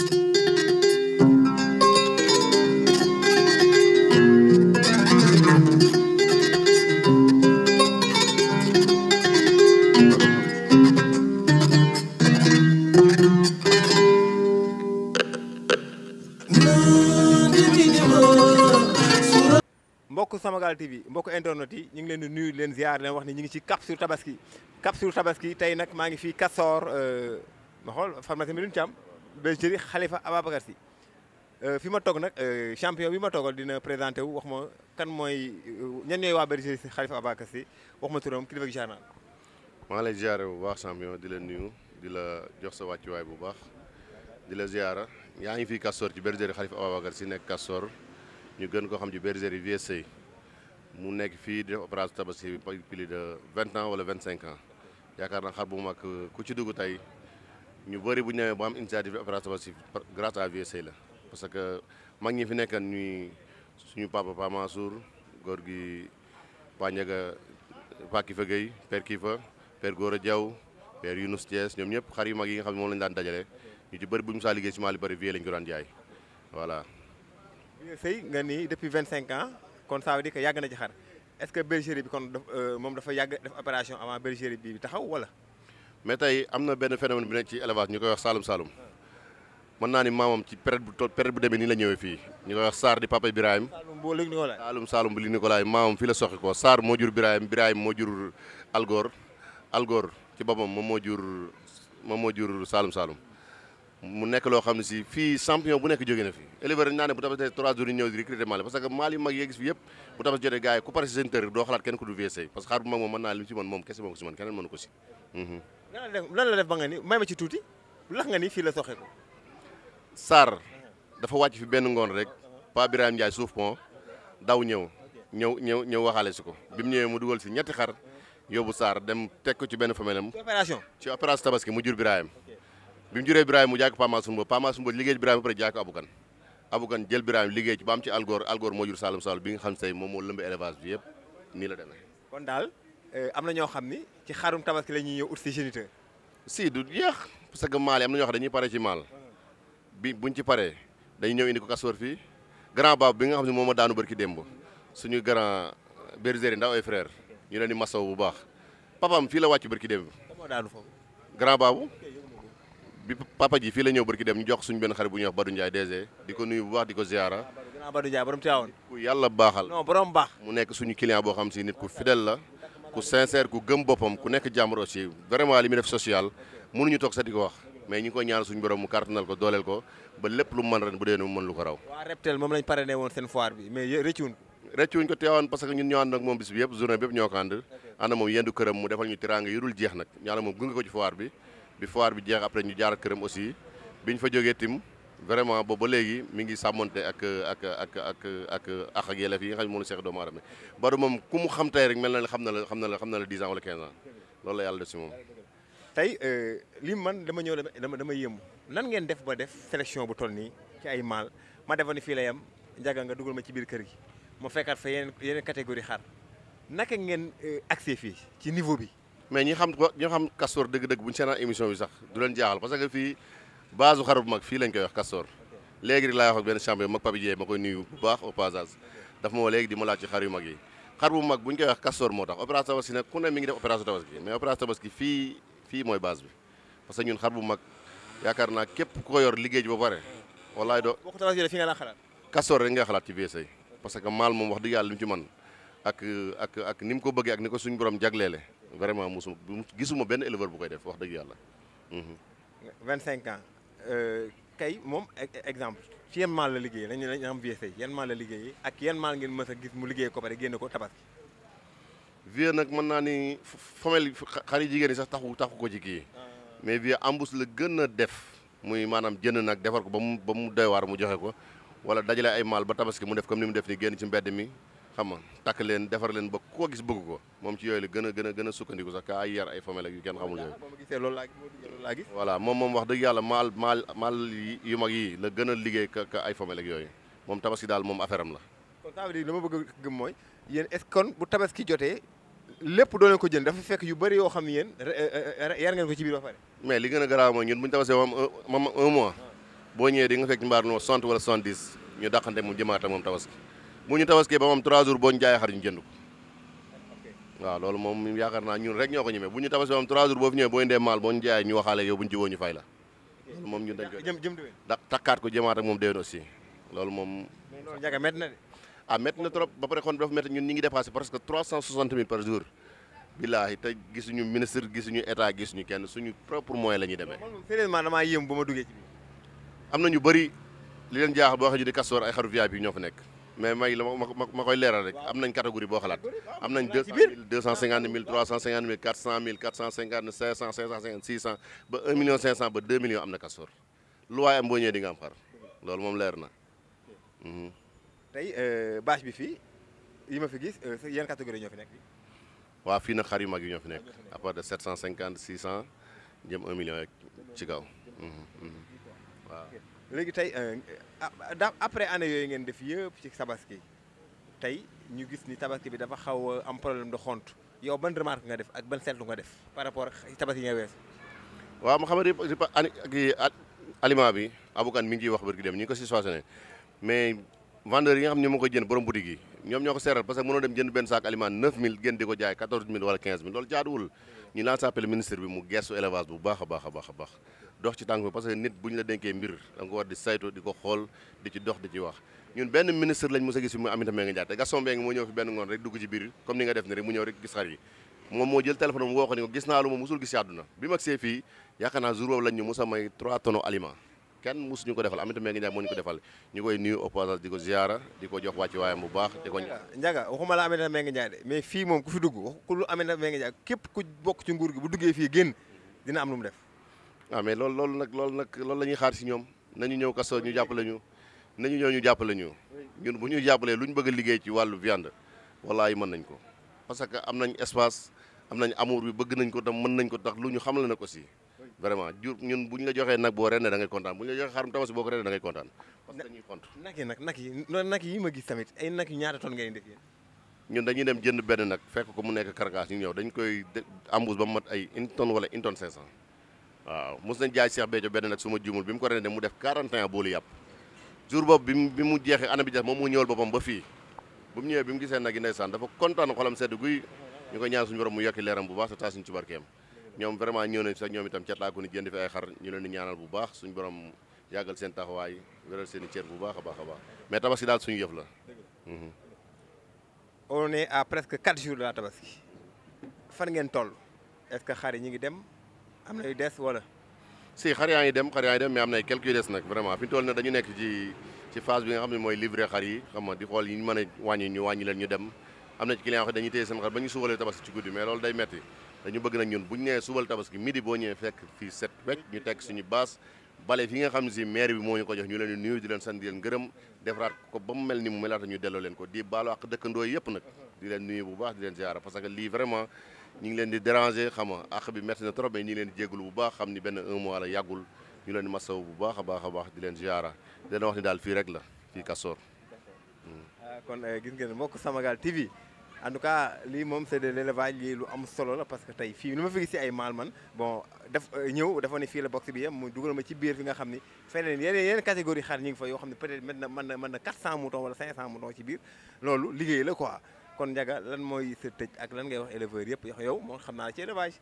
mbokk Samagal TV mbokk internet yi ñu ngi leen di nuyu leen leen wax ni ñu ngi ci capsule tabaski capsule tabaski tey nag maa ngi fii Castor euh, ma xool pharmacie Medoune Thiam de Chérif Khalifa Ababacar euh, fi ma toog nag euh, champion bi ma toogal dina présenté wu wax ma kan mooy euh, ñan ñooy waa bergerie Khalifa Ababacar Sy wax ma turam kilifa gi jaar naa maa lay ziare bu baax champion di la nuyu di la jox sa wàccuwaay bu baax di la ziara yaa ngi fii Castor ci bergerie xalifa Ababacar Sy nekk Castor ñu gën ko xam ci bergerie VSC mu nekk fii di def opération tabaski plus de vingt ans wala vingt cinq ans yaakaar naa xar bu ku ci dugg tey ñu bëri bu ñu demee ba am initiative opération si grâce à vieux sëy la parce que mag ñi fi nekkan ñuy suñu papa Pa Mansour góor gi Pa Ndiaga Pa Kifa Gueye père Kifa père Gora Diaw père Younous Thiès ñoom ñëpp xar yu mag yi nga xam ne moom lañu daan dajale ñu ci bëri bu ñu saa liggéey si maal yu bëri vieux lañu ko daan jaay voilà. vieux nga ni depuis vingt cinq ans kon saa veut dire que yàgg na ci xar est-ce que bergerie bi kon euh, moom dafa yàgg def opération avant bergerie taxaw wala. mais tey am na benn phénomène bi nekk ci élevage ñu koy wax Saalum Saalum mën naa ni maamam ci période bu période bu demee nii la ñëwee fii ñu koy wax saar di papa Birahim Saalum Saalum bu Luc Nicolaï maamam fii la soxi ko moo jur Birahim Birahim moo jur Algor Algor ci boppam moom moo jur moom moo jur Saalum Saalum mu nekk loo xam ne si fii champion bu nekk jóge na fi éleveur naa ne bu tabaski trois jours yi ñëw di recruter mâle parce que mâle yu mag yee gis fi yëpp bu tabaski jotee gars ku pare si seen tër doo xalaat kenn ku du VSA parce moom mën naa lan la def ba nga ni may ma ci tuuti lax nga ni fii la soxe ko Sarr dafa wàcc fi benn ngoon rek Pa Birame Ndiaye suuf pont daw ñëw ñëw ñëw ñëw waxaale si ko bi mu ñëwee mu dugal si ñetti xar yóbbu Sarr dem teg ko ci benn famelam ci opération tabaski mu jur Birame bi mu juree Birame mu jaay ko Pa Massoum Ba Pa Massoum Ba liggéey Birame ba pare jaay ko Aboukan Aboukan jël Birame liggéey ci ba am ci algoor algoor moo jur Saloum Saloum bi nga xam say moom moo lëmb élevage bi yëpp nii la demee Euh, am na ñoo xam ni ci xarum tabaski la ñuy ñëw ut si géniteur. si du jeex parce que maal yi am na ñoo xam dañuy pare ci maal bi buñ paree dañuy ñëw indi ko kasoor fii grand bi nga xam ne moom a daanu bërki démb suñu grand bergerie ndaw ay ñu leen di masaw bu baax papaam fii la wàcc bërki démb. moo daanu foofu. grand baabu bi papa ji fii la ñëw bërki démb ñu jox suñu benn xarit bu ñuy wax Badou Ndiaye DG di ko nuyu bu baax di ko ziara. grand Badou Ndiaye borom woon ku yàlla baaxal. non borom baax. mu nekk suñu client boo xam si nit ku fidèle la. ku sincère ku gëm boppam ku nekk jàmbur aussi vraiment a muy def social mënuñu toog sa di ko wax mais ñu ngi ko ñaan suñu borom mu kàttanal ko dooleel ko ba lépp lu mën ren bu dee mu mën lu ko raw. waa Reptel moom lañ woon seen foire bi mais rëccuwuñ ko. rëccuwuñ ko moom yendu këram mu defal ñu tiraanga yu dul jeex nag ñaana moom gunge ko ci bi bi foire bi jeex après ñu jaarat këram aussi biñ fa jógee tim vraiment boobu ba léegi mi ngi sàmmante ak ak ak ak ak ak ak yelleef yi nga xam ne moom la seex rek mel na ne xam na la xam na la xam na la 10 ans wala 15 si moom. tey euh, li man dama ñëw dama dama yëmb nan ngeen def ba def sélection bu toll nii ci ay ma defoon fii la yam njaga nga dugal ma ci biir kër gi ma fekkaat fa yeneen yeneen catégorie xar naka ngeen euh, accès fii ci niveau bi. mais ñi xam ñi xam Castor dëgg-dëgg bu ñu seenaan émission bi sax du leen jaaxal parce que fii. base xar bu mag fii lañ koy wax Castor léegi rek laay wax ak benn champion mag Papi Dieye ma koy nuyu bu baax au passage daf ma woo léegi di ma laaj ci xar yu mag yi xar bu mag bu ñu koy wax Castor moo tax opération tabaski nag ku ne mi ngi def opération tabaski mais opération tabaski fii mooy base bi parce que ñun xar bu mag yaakaar naa képp ku ko yor liggéey ji ba pare wallaay doo Castor rek ngay xalaat ci VSA parce que maal moom wax dëgg yàlla li mu ci ak ak ni mu ko bëggee ak ko suñu borom jagleele vraiment musuma gisuma benn éleveur bu koy def wax dëgg yàlla 25 mhm. ans Euh, kay moom e-, e-, exemple ci yan maal la liggéey lañu lañ am VSA e, yan maal la liggéey ak yan maal ngeen mës gis mu liggéey ko pare génne ko tabaski vie nag mën naa ni famille xari jigéen yi sax taxu taxu ko ci kii ah. mais vie embouche la gën a def muy maanaam jënd nag defar ko ba mu ba mu doy waar mu joxe ko wala dajale ay maal ba tabaski mu def comme ni mu def ni génn ci mbedd mi xam nga takk leen defar leen ba koo gis bëgg ko moom ci yooyu la gën a gën a gën a sukkandiku sax ka ay yar ay famille ak yu kenn xamul yooyu voilà moom moom wax dëgg yàlla maal maal maal yu mag yi la gën a liggéey ka ay famille ak yooyu moom tabaski daal moom affaire am la kon ça veut ma bëgg mooy yéen est-ce kon bu tabaski jotee lépp doo leen ko jënd dafa fekk yu bëri yoo xam ne yéen yar ngeen ko ci biir ba pare mais li gën a garaaw mooy ñun mu ñu tabaskee moom un mois boo ñëwee di nga fekk mbaar no 60 wala 70 ñu dàqante moom jëmaata moom tabaski bu ñu tabaskee ba moom 3 jours boo ñu jaayee xar ko waaw loolu moom yaakaar naa ñun rek ñoo ko ñemee bu ñu tabaskee ba moom 3 jours boo fi ñëwee boo ñu dee maal boo ñu jaayee ñu waxaale yow bu ñu jiboo ñu fay la loolu moom ñun dañ ko da takkaat jëmaat ak moom déwén aussi loolu moom ah métti na trop ba pare xoon dafa métti ñun ñi ngi dépassé presque 360 000 par jour billaahi te gisuñu ministre gisuñu état gisuñu kenn suñu propre moyen la ñuy demee sérieusement damaa am na ñu bëri li leen jaaxal boo xam ne di Castor ay xaru nekk mais may la ma ma ma koy leeral rek am nañ catégorie boo xalaat am nañ deux deux cent cinquante mille trois cent cinquante mille quatre cent mille quatre cent cinquante cinq cent cinq cent cinquante six cent ba un million ba deux millions am na kastoor lu waaye am boo ñëwee di am xar loolu moom leer na. Mhm. tey euh, bâche bi fii yi ma fi gis euh, yan catégorie ñoo fi nekk. waaw fii nag xar yu mag yi ñoo fi nekk à part de sept cent cinquante six cent jëm un million ci kaw mhm, mhm. waaw. léegi tey euh, ah, après année yooyu ngeen def yëpp ci tabaski tey ñu gis ni tabaski bi dafa xaw am problème de xont yow ban remarque nga def ak ban seetlu nga def par rapport ak tabaski nga wees waaw ma xamante ni aliment bi abukan mi ngi wax barki dem ñu nga ñoo ko seeral parce que mënoo dem jënd benn saak aliment 9000 gën di ko jaay 14000 wala 15000 loolu jaaduwul ñu lancé appel ministre bi mu gestu élevage bu baax a baax a baax a baax dox ci tànk bi parce que nit bu ñu la dénkee mbir da nga war di saytu di ko xool di ci dox di ci wax ñun benn ministre lañ mos a gis fi muy Aminata Mbengue Ndiaye te Gaston Mbengue moo ñëw fi benn ngoon rek dugg ci biir comme ni nga def ni rek mu ñëw am woo ko ni ko gis naa lu ma musul gis ci àdduna bi mag a may 3 de mais fii moom ku fi dugg wax ku Aminata Mbengue Ndiaye képp ku bokk ci nguur gi bu duggee fii génn dina am lu mu def waaw ah, mais loolu loolu nag loolu nag loolu la ñuy xaar si ñoom nañu ñëw kaso ñu jàppale ñu nañu ñëw ñu jàppale ñu ñun bu ñu jàppalee lu ñu bëgg a liggéey ci wàllu viande wallaahi mën nañ ko parce que am nañ espace am nañ amour bi bëgg nañ ko tam mën nañ ko tax lu ñu xamle na ko si vraiment jur ñun bu ñu la joxee nag boo renne da ngay kontaan bu ñu la joxee xarum tabaski boo ko renne da ngay kontaan parce que dañuy kont nag yi nag nag yi nag yi ma gis tamit ay nag yi ñaata ton ngay def yéen ñun dañuy dem jënd benn nag fekk ko mu nekk karkaas ñu ñëw dañ koy embouche ba mat ay une tonne wala une tonne cinq cent waaw mos nañ jaay Cheikh Béthio benn nag su ma jumul bi mu ko rene mu def 41 boolu yàpp jour boobu bi mu jeexee ana bi jeex moom mu ñëwal boppam ba fii bu mu ñëwee bi mu gisee nag yi ndeysaan dafa kontaan xolam sedd guy ñu ko ñaan suñu borom mu yokki leeram bu baax te taas ñu ci barkeem ñoom vraiment ñëw nañ sax ñoom itam cataaku ni jënd fi ay xar bu baax suñu borom seen taxawaay wéral baax a baax a baax mais tabaski daal suñu yëf la on est à presque 4 jours de la tabaski ngeen toll est-ce que xar yi ñu ngi dem am na yu des wala. si xar yaa ngi dem xar yaa ngi dem mais am na ay quelques yu des nag vraiment fi ñu toll dañu nekk ci ci phase ne mooy livrer xar yi xam nga di xool yi ñu mën a wàññi leen ñu dem am na ci client yoo xam dañuy téye seen xar ba ñu subalee tabaski ci guddi mais loolu day metti dañu bëgg nag ñun bu ñu nee subal tabaski midi boo ñëwee fekk fii set wecc ñu teg suñu baas bale fi nga xam ne si maire bi moo ñu ko jox ñu leen di di leen sant di leen gërëm defaraat ko ba mu mel ni mu melaata ñu delloo leen ko di baalu ak yëpp nag di leen nuyu bu baax di leen ziara que lii vraiment ñu ngi leen di dérangé xam nga àq bi métti na trop mais ñu leen di jégalu bu baax xam ni benn un mois la leen di masawu bu baax baax a baax di leen ziara di leen wax daal fii rek la fii Castor. Ah, kon eh, gis ngeen mbokk Samagal TV en tout cas lii lu am solo la parce que tey fii lu fi gis si ay maal man bon def eh, ñëw dafa ne fii la box bi yem ne peut-être mën na mën na mën na 400 moutons wala 500 moutons ci biir loolu liggéey la quoi. kon Ndiaga lan mooy sa tëj ak lan ngay wax éleveurs yëpp yox yow moo xam naa ci élevage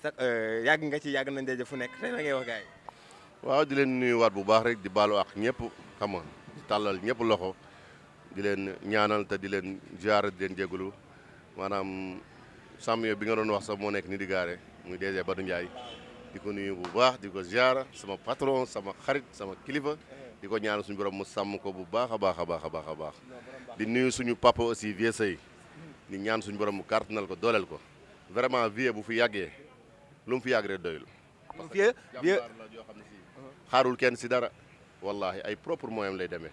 sax euh, yàgg nga ci yàgg nañ daje fu nekk tey la ngay wax gars waaw di leen waat bu baax rek di baalu ak ñëpp xam di tàllal ñëpp loxo di leen ñaanal te di leen ziar di leen jégalu maanaam sàmm yooyu bi nga doon wax sax moo nekk ni di gaare muy DG Badou Ndiaye di ko nuyu bu baax di ko ziar sama patron sama xarit sama kilifa di ko ñaan suñ borom mu sàmm ko bu baax a baax a baax baax a baax di nuyu suñu papa aussi Vieux Seye di ñaan suñu borom mu kàttanal ko dooleel ko vraiment Vieux bu fi yàggee lu fu fi yàgg rek doyul. xam ne xaarul kenn si dara wallahi ay propre moyen lay demee.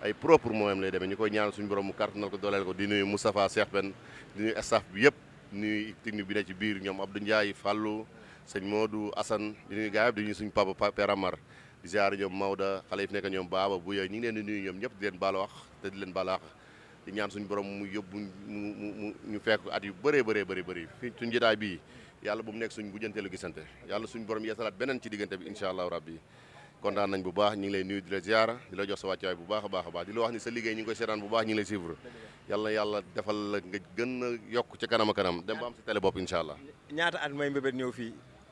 ay propre moyen lay demee ñu koy ñaan suñu borom mu kàttanal ko dooleel ko di nuyu Moustapha Cheikh Ben di nuyu staff bi yëpp nuyu technique bi ne ci biir ñoom Abdou njaay Fallou sëñ Modou Assane di nuyu gars di nuyu suñu papa Père Amar di ziar ñoom Maodo xale yi fi nekk ñoom Baba bu yooyu ñu ngi leen di nuyu ñëpp di leen baal wax te di leen baal wax di ñaan suñu borom mu yóbbu ñu fekk at yu bëree bëree bëri bëri fii suñu jotaay bii yàlla bu mu nekk suñ bu jënteelu gisante yàlla suñu borom yeesalaat beneen ci diggante bi incha allahu rabbi kontaan nañ bu baax ñu ngi lay nuyu di la ziar di la jox sa wàccuwaay bu baax a baax a baax di la wax ni sa liggéey ñu ngi koy seetaan bu baax ñu ngi defal la nga gën a yokk ci kanam kanam dem ba am sa télé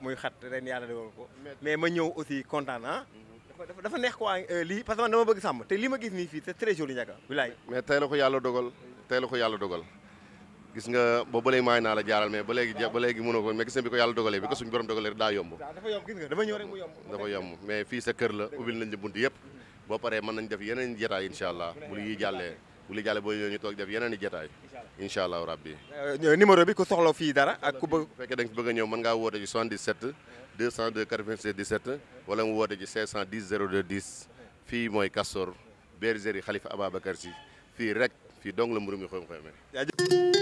muy xat ren yàlla dogal ko mais ma ñëw aussi kontaan ah mhm. dafa dafa neex quoi euh, lii parce que man dama bëgg sàmm te li ma gis nii fii c'est très joli njaga mais tey la ko yàlla dogal tey la ko yàlla dogal gis nga ba ba maay naa la jaaral mais ba léegi ba léegi mënoo ko mais gis nga bi ko yàlla dogalee bi ko suñu borom dogalee daa yomb dafa yomb gis nga dama rek mu yomb dafa yomb mais fii sa kër la ubbil nañ la bunt yëpp boo paree mën nañ def yeneen jotaay incha allah bu yi jàllee bu li jàlle booy ñëw ñu toog def yeneen i jotaay incha allahu rabbi euh, numéro bi ku soxla fii dara ak ku bëgg bu fekkee da nga fi bëgg a ñëw mën ngaa woote ci 77 202 96 17 wala mu woote ci 510 02 10 fii mooy Castor bergerie Khalifa Ababacar Sy fii rek fii dong la mburum yi xoom-xoome